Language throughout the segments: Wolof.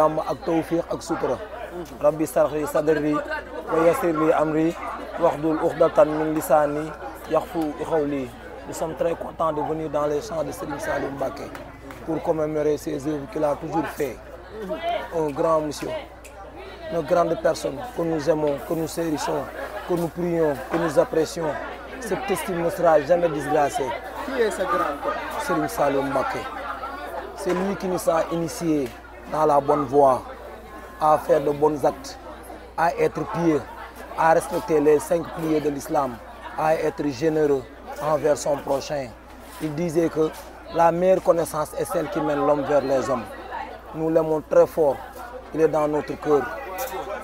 jàmm ak tawfiq ak sutura rabbi sarx sadri wa yasir li amri waxdul uxdatan min lisaani yaxfu xawli nous sommes très contents de venir dans les champs de Serigne Saliou Mbacké pour commémorer ses œuvres qu'il a toujours fait un grand monsieur une grande personne que nous aimons que nous chérissons que nous prions que nous apprécions cette estime ne jamais disgracée qui est ce grand qui nous a initiés dans la bonne voie, à faire de bons actes, à être pieux, à respecter les cinq piliers de l'islam, à être généreux envers son prochain. Il disait que la meilleure connaissance est celle qui mène l'homme vers les hommes. Nous l'aimons très fort, il est dans notre cœur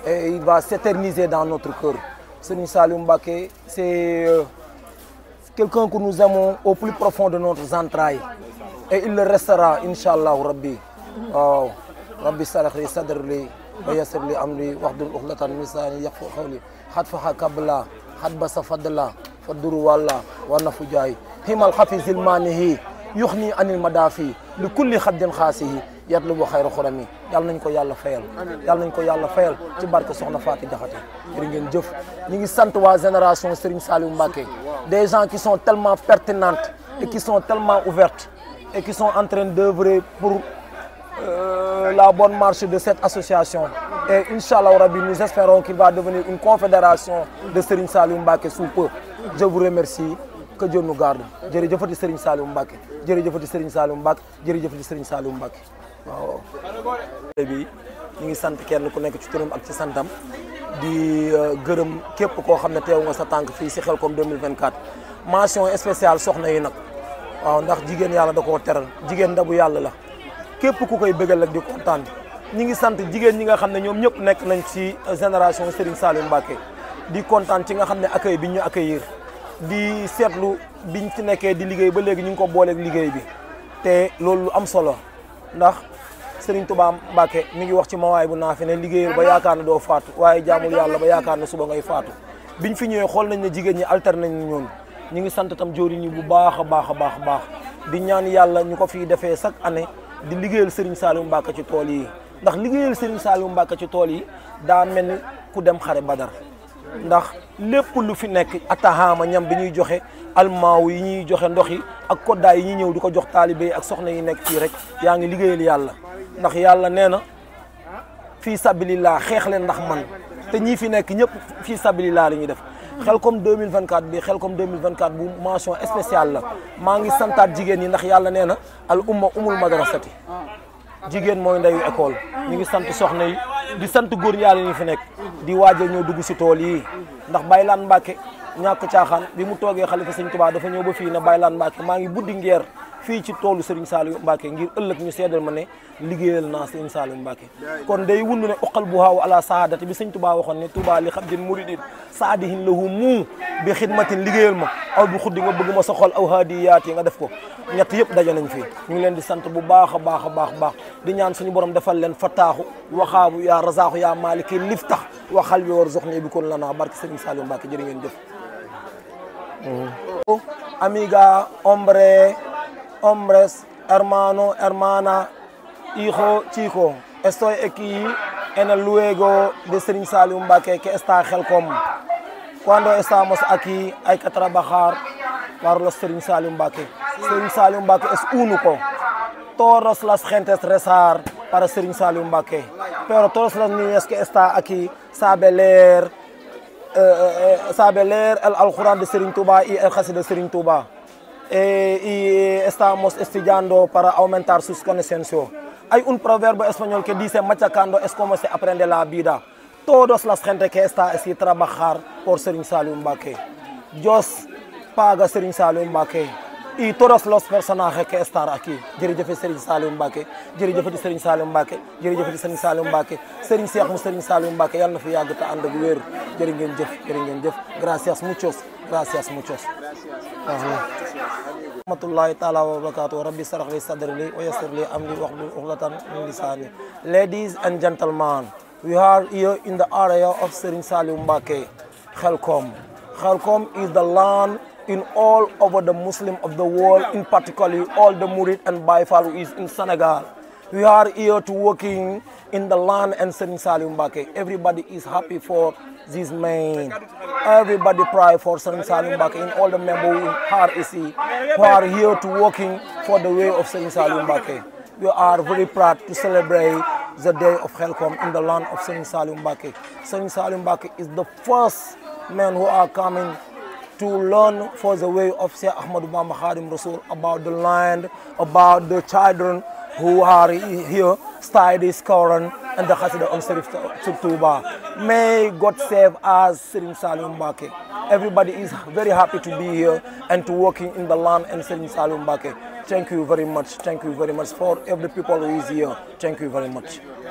et il va s'éterniser dans notre cœur. Serigne Saliou Mbacké, c'est euh, quelqu'un que nous aimons au plus profond de notre entrailles et il le restera, Inch'Allah Rabbi. rabbi sarax li sadr li wa yasir li amri waxdul uxlatan misaani yaqu xawli xat faxa kabla xat basa fadla fa duru wàlla wala fu jaay himal xafisil maanihi yuxni anil madaafi li kulli xaddin xaasihi yatlubu xayru xurami yal nañ ko yàlla fayal yal nañ ko yàlla fayal ci barke soxna Faati Jaxate jërë ngeen jëf ñu ngi sant waa génération Serigne Saliou Mbacké des gens qui sont tellement pertinentes et qui sont tellement ouvertes et qui sont en train d'œuvrer pour euh, la bonne marché de cette association. Et Inch'Allah Rabbi, nous espérons qu'il va devenir une confédération de Serigne Saliou Mbacké sous peu. Je vous remercie. que Dieu nous garde. jërëjëfati Serigne Saliou Mbacké jërëjëfati Serigne Saliou Mbacké jërëjëfati Serigne Saliou Mbacké waaw. bi ñu ngi sant kenn ku nekk ci turam ak ci santam di euh, gërëm képp koo xam ne teew nga sa tànk fii si Khelcom 2024 mention spéciale soxna yi nag waaw ndax jigéen yàlla da ko teral jigéen ndabu yàlla la. képp ku koy bëggal ak di kontaan ñi ngi sant jigéen ñi nga xam ne ñoom ñëpp nekk nañ ci euh, génération Serigne Saliou Mbacké di kontaan ci nga xam ne accueil bi ñu accueillir di seetlu biñ ci nekkee di liggéey ba léegi ñu ngi ko booleek liggéey bi te loolu lu am solo ndax Serigne Touba Mbacké mi ngi wax ci mawaay bu naafi ne liggéeyal ba yaakaar ne doo faatu waaye jaamul yàlla ba yaakaar ne suba ngay faatu ñu fi ñëwee xool nañ ne jigéen ñi alterné nañ ñoom ñu ngi sant tam jóori bu baax a baax a baax a baax di ñaan yàlla ñu ko fiy defee chaque année di liggéeyal Serigne Saliou Mbacke ci tool yi ndax liggéeyal Serigne Saliou Mbacke ci tool yi daa mel ni ku dem xare Badar ndax lépp lu fi nekk atahaama ñam bi ñuy joxe almaaw yi ñuy joxe ndox yi ak koddaay yi ñuy ñëw di ko jox taalibe ak soxna yi nekk fii rek yaa ngi liggéeyal yàlla ndax yàlla nee na fii sabilillah xeex leen ndax man te ñii fi nekk ñëpp fii sabilillah la ñuy def Xelcom 2024 bi Xelcom 2024 bu mention spéciale la maa ngi santaat jigéen ñi ndax yàlla nee na al umma umul sati jigéen mooy ndeyu école ñu ngi sant soxna yi di sant góor yàlla ñi fi nekk di waaje ñoo dugg si tool yi ndax Baylaan Mbàkke ñàkk caaxaan bi mu toogee xalifa sëñ Tuubaa dafa ñëw ba fii na Baylaan Mbàkke maa ngi buddi ngeer fii ci toolu Serigne Saliou Mbacké ngir ëllëg ñu seedal ma ne liggéeyal naa Serigne Saliou Mbacké kon day wund ne uqal bu haaw ala saadati bi Serigne Touba waxoon ne Touba li xabdin muridin saadihin lahu mu bi xidmatin liggéeyal ma aw nga bëgg ma sa xol aw haadiyaat yi nga def ko ñett yëpp daje nañ fii ñu ngi leen di sant bu baax baax baax baax di ñaan suñu borom defal leen fataaxu waxaabu yaa razaaxu yaa maaliki liftax waxal bi war zoxni bi kon la naa barke Serigne Saliou Mbacké jërë ngeen jëf mm-hmm. amiga ombre hombres, hermano, hermana, hijo, chico. Estoy aquí en el luego de Srin Salim Mbake que está Helcom. Cuando estamos aquí hay que trabajar para los Srin Salim Mbake. Srin Salim Mbake es único. Todas las gentes rezar para Srin Salim Mbake. Pero todos los niños que están aquí saben eh, eh, eh, leer, el Alcorán de Srin Touba y el Hasid de Srin Touba. e, e estamos estudiando para aumentar sus conocimientos. Hay un proverbio español que dice machacando es como se aprende la vida. Todas las gente que está así trabajar por Serigne Saliou Mbacké. Dios paga Serigne Saliou Mbacké. Y todos los personajes que están aquí. Jërëjëf Serigne Saliou Mbacké. Jërëjëf di Serigne Saliou Mbacké. Jërëjëf di Serigne Saliou Mbacké. Serigne Cheikh mu Serigne Saliou Mbacké yàlla na fi yàgg te ànd ak wér. Jërë ngeen jëf, jërë ngeen jëf. Gracias muchos. Gracias muchos. rahmatullahi taala ladies and gentlemen we are here in the area of Serigne Saliou Mbacké Khelcom is the land in all over the Muslim of the world in particularly all the Murid and Baifal is in Senegal We are here to working in the land and Serigne Saliou Mbacké. Everybody is happy for this man. Everybody pray for Serigne Saliou Mbacké and all the members who are here to working for the way of Serigne Saliou Mbacké. We are very proud to celebrate the day of Khelcom in the land of Serigne Saliou Mbacké. is the first man who are coming to learn for the way of Cheikh Ahmadou Bamba Khadim Rasoul about the land, about the children who are here started this Quran and the Hasidah on Serif Tuba. May God save us, Serim Salim Mbake. Everybody is very happy to be here and to working in the land and Serim Salim Mbake. Thank you very much. Thank you very much for every people who is here. Thank you very much.